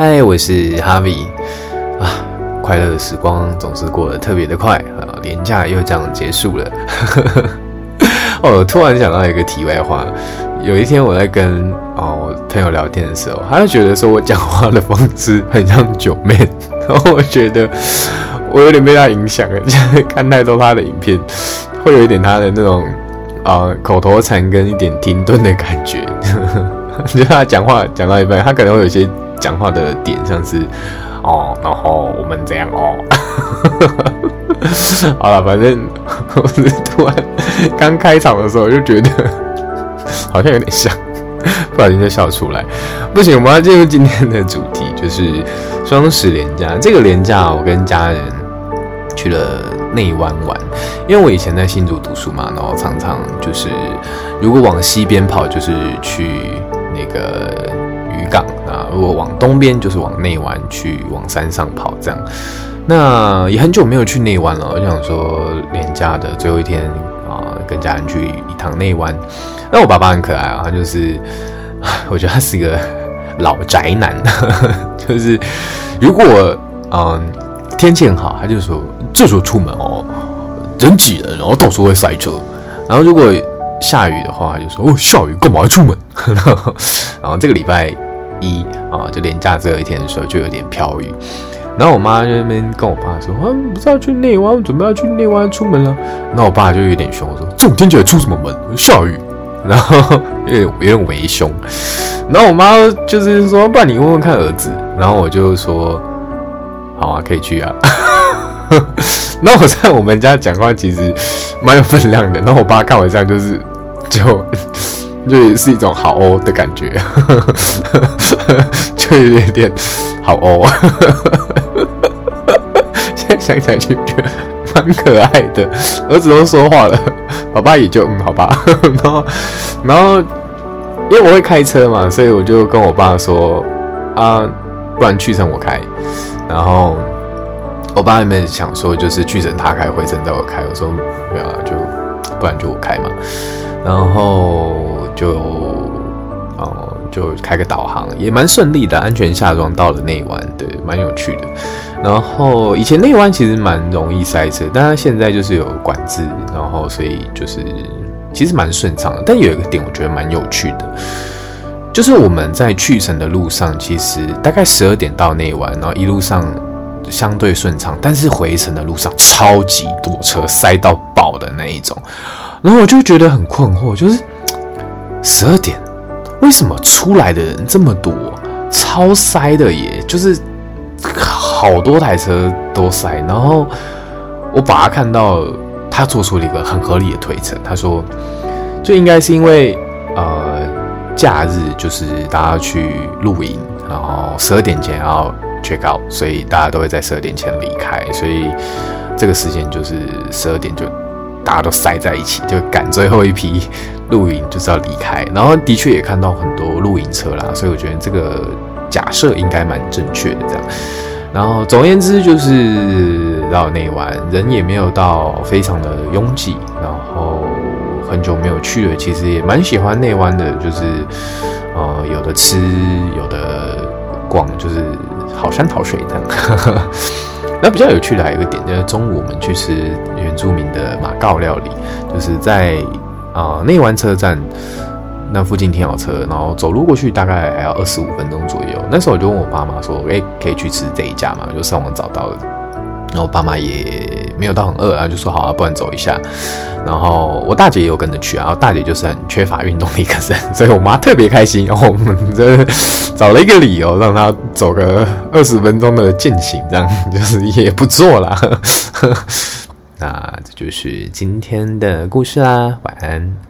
嗨，Hi, 我是 Harvie 啊！快樂的時光總是過得特別的快啊，連假又這樣結束了。呵呵呵，哦，我突然想到一個題外話，有一天我在跟啊、哦、朋友聊天的時候，他就覺得說我講話的方式很像九妹，然後我覺得我有點被他影響啊，就是看太多他的影片，會有一點他的那種啊、呃、口頭禪跟一點停頓的感覺，呵 呵就他講話講到一半，他可能會有些。講話的點像是哦，然後我們這樣哦， 好了，反正我是突然剛開場的時候就覺得好像有點像，不小心就笑出來。不行，我們要進入今天的主題，就是雙十連假。這個連假，我跟家人去了內灣玩，因為我以前在新竹讀書嘛，然後常常就是如果往西邊跑，就是去那個。我往東邊就是往內灣去，往山上跑這樣。那也很久沒有去內灣了，我想說連假的最後一天啊，跟家人去一趟內灣。那我爸爸很可愛啊、哦，他就是我覺得他是個老宅男， 就是如果嗯、呃、天氣很好，他就說，這時候出門哦，人擠人、哦，然後到處會塞車。然後如果下雨的話，他就說，哦下雨幹嘛要出門 然後，然後這個禮拜。一啊、嗯，就連假只有一天的時候就有點飄雨，然後我媽就那邊跟我爸說：“啊，不是要去內灣，準備要去內灣出門了。”然後我爸就有點凶，我說：“這種天氣出什麼門？下雨。”然後有點有點微凶。然後我媽就是說：“爸你問問看兒子。”然後我就說：“好啊，可以去啊。 ”那我在我們家講話其實蠻有分量的。然後我爸看我這樣就是就。就也是一種好哦的感覺， 就有點點好哦。 現在想起來就覺得蠻可愛的。兒子都說話了，我爸也就嗯好吧。然後，然後因為我會開車嘛，所以我就跟我爸說啊，不然去程我開。然後我爸那邊想說就是去程他開，回程再我開。我說沒有就不然就我開嘛。然後。就哦，就開個導航也蠻順利的，安全下莊到了內灣，對，蠻有趣的。然後以前內灣其實蠻容易塞車，但是現在就是有管制，然後所以就是其實蠻順暢的。但有一個點我覺得蠻有趣的，就是我們在去程的路上，其實大概十二點到內灣，然後一路上相對順暢，但是回程的路上超級堵車，塞到爆的那一種。然後我就覺得很困惑，就是。十二點，為什麼出來的人這麼多？超塞的耶，就是好多台車都塞。然後我爸他看到，他做出了一個很合理的推測，他說，就應該是因為呃，假日就是大家要去露營，然後十二點前要 check out，所以大家都會在十二點前離開，所以這個時間就是十二點就。大家都塞在一起，就趕最後一批露營就是要離開，然後的確也看到很多露營車啦，所以我覺得這個假設應該蠻正確的這樣。然後總而言之，就是到內灣人也沒有到非常的擁擠，然後很久沒有去了，其實也蠻喜歡內灣的，就是、呃、有的吃，有的逛，就是好山好水這樣 那比較有趣的還有一個點，就是中午我們去吃原住民的。告料理就是在啊內灣車站那附近停好車，然後走路過去大概還要二十五分鐘左右。那時候我就問我爸媽說：“哎、欸，可以去吃這一家嗎？”就上網找到了，然後我爸媽也沒有到很餓，然後就說：“好啊，不然走一下。”然後我大姐也有跟着去，然後大姐就是很缺乏運動的一個人，所以我媽特別開心，然後我們這找了一個理由讓她走個二十分鐘的健行，這樣就是也不錯啦。 那這就是今天的故事啦，晚安。